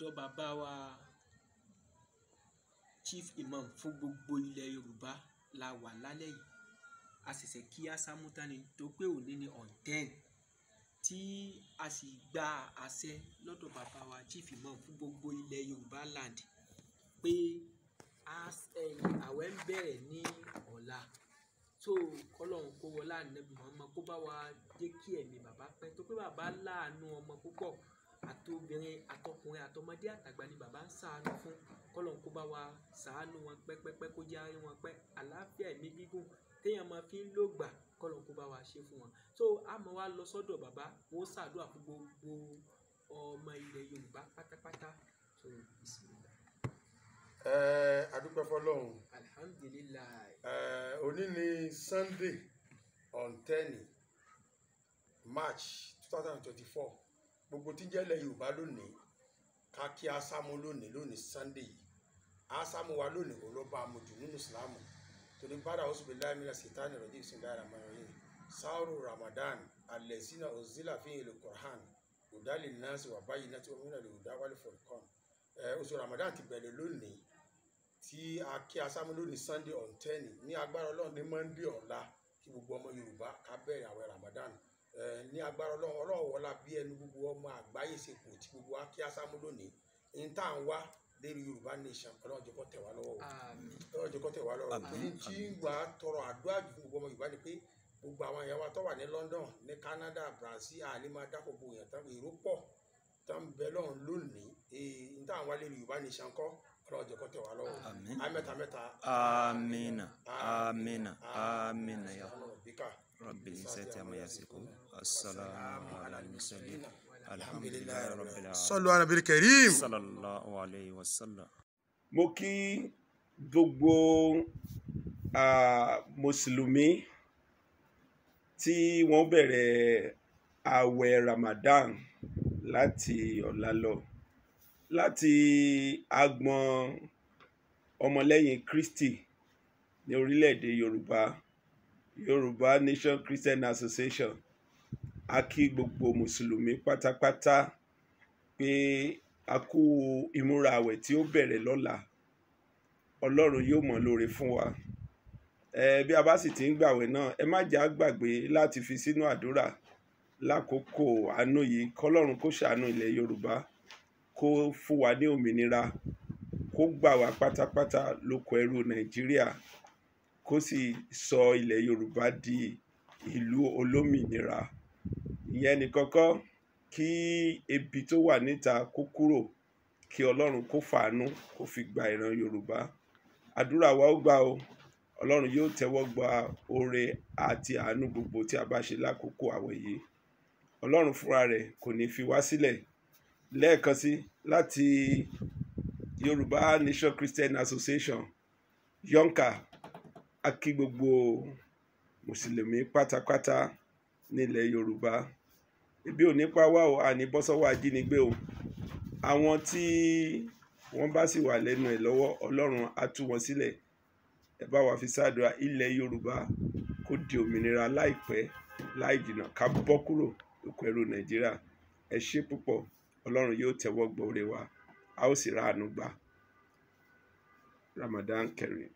ọ̀dọ̀ bàbá wa chief imam fún gbogbo ilẹ̀ yorùbá la wà lálẹ́ yìí a ṣẹ̀ṣẹ̀ kí ásámú tán ni tó pé òní ni on ten tí a sì gba àṣẹ lọ́dọ̀ bàbá wa chief imam fún gbogbo ilẹ̀ yorùbá land pé àwẹ̀ ń bẹ̀rẹ̀ ní ọ̀la so kọlọ́run kó wọlé ànábì mọ́ ọmọ kó bá wa jẹ́ kí ẹ̀mí bàbá pẹ́ tó pé bàbá láàánú ọmọ púpọ̀ àtobìnrin àtọkùnrin àtọmọdé àtàgbà ni bàbá ń ṣàánú fún kọ́lọ̀ kó bá wa ṣàánú wọn pẹ́pẹ́pẹ́ kó jẹ́ àárín wọn pẹ́ àlàáfíà ẹ̀mí gígùn téèyàn máa fi ń lò gbà kọ́lọ̀ kó bá wa ṣe fún wọn so a máa wá lọ sọ́dọ̀ bàbá wọn ó ṣàdúrà fún gbogbo ọmọ ilẹ̀ Yorùbá pátápátá ẹ adúpẹ́ fọlọ́run. alihamdulilayi. ẹ òní ni Sunday on ten March two thousand and twenty-four gbogbo tí jẹ́lẹ̀ yorùbá lónìí ká kí ásámú lónìí lónìí sunday yìí ásámú wa lónìí òun ló bá a mọ̀ jù nínú ìsìlámù torí bára oṣù bíi láìmílẹ̀ sètáni rọ̀jì ìsìnláì ramarin sáárù ramadan alẹ́ sínú ọ̀zílà fi hàn lùkùrán ọ̀dàlì náà sì wà báyìí náà tí wọ́n múlẹ̀ lè ọ̀dà wálé fọ̀rọ̀kàn oṣù ramadan ti bẹ̀rẹ̀ lónìí tí a kí ásámú lónìí sunday on ní agbára ọlọ́run ní monday ọ̀la kí gbogbo ọmọ yorùbá ká bẹ̀rẹ̀ àwẹ̀ ramadan ní agbára ọlọ́run ọlọ́run wọlá bí ẹnu gbogbo ọmọ àgbáyé ṣe kù tí gbogbo wa kí ásámú lónìí ní tá à ń wá lérí yorùbá nation ọlọ́run jẹ́ kó tẹ̀ wá lọ́wọ́ ọlọ́run jẹ́ kó tẹ̀ wá lọ́wọ́ èyí tí wà á tọrọ àdúrà jù fún gbogbo ọmọ yorùbá ni pé gbogbo àwọn ìyàwó tó wà ní London ní Canada Brazil àlema dákòbò èèyàn tán èrò pọ̀ tán bẹ lọ́run lónìí ní tá à ń wá lérí yorùbá nation kọ́ ọlọ́run jẹ́ kó tẹ̀ wá lọ́wọ́ رب العزة عما يصفون السلام على المرسلين الحمد لله رب العالمين صلوا على النبي الكريم صلى الله عليه وسلم mo kí gbogbo mùsùlùmí tí wọ́n bẹ̀rẹ̀ ààwẹ̀ Ramadan láti ọ̀la lọ láti agbọn ọmọlẹ́yìn Kristi ní orílẹ̀-èdè Yorùbá Yorùbá Nation Christian Association a kí gbogbo mùsùlùmí pátápátá pé a kú ìmúra àwẹ̀ tí ó bẹ̀rẹ̀ lọ́la Ọlọ́run yóò mọ̀ lóore fún wa ẹ bí a bá sì ti ń gbàwẹ̀ náà ẹ má jà á gbàgbé láti fi sínú àdúrà lákòókò àánú yìí kọ́lọ́run kó ṣàánú ilẹ̀ Yorùbá kó fún wa ní òmìnira kó gbà wá pátápátá lóko ẹrú Nàìjíríà kó sì sọ ilẹ̀ yorùbá di ìlú olómìnira ìyẹn ní kọ́kọ́ kí ebi tó wà níta kó kúrò kí ọlọ́run kó fàánú kó fi gba ìran yorùbá àdúrà wa ó gbà o ọlọ́run yóò tẹ́wọ́ gba oore àti àánú gbogbo tí a bá ṣe lákòókò àwẹ̀ yìí ọlọ́run fúnra rẹ̀ kò ní fi wá sílẹ̀ lẹ́ẹ̀kan sí láti yorùbá nation christian association yonka a kí gbogbo mùsùlùmí pátápátá nílẹ̀ yorùbá ibi ò ní pa wá o àní bọ́ sọ́wọ́ ajínigbé o àwọn tí wọ́n bá sì wà lẹ́nu ẹ̀ lọ́wọ́ ọlọ́run á tú wọn sílẹ̀ ẹ bá wa fi ṣàdúrà ilẹ̀ yorùbá kó di òmìnira láìpẹ́ láì jìnnà ká bọ́ kúrò lóko ẹrú nàìjíríà ẹ ṣe púpọ̀ ọlọ́run yóò tẹ́wọ́ gbọ́ọ̀rẹ́ wa a ó sì ráàánú gbà Ramadan Kareem.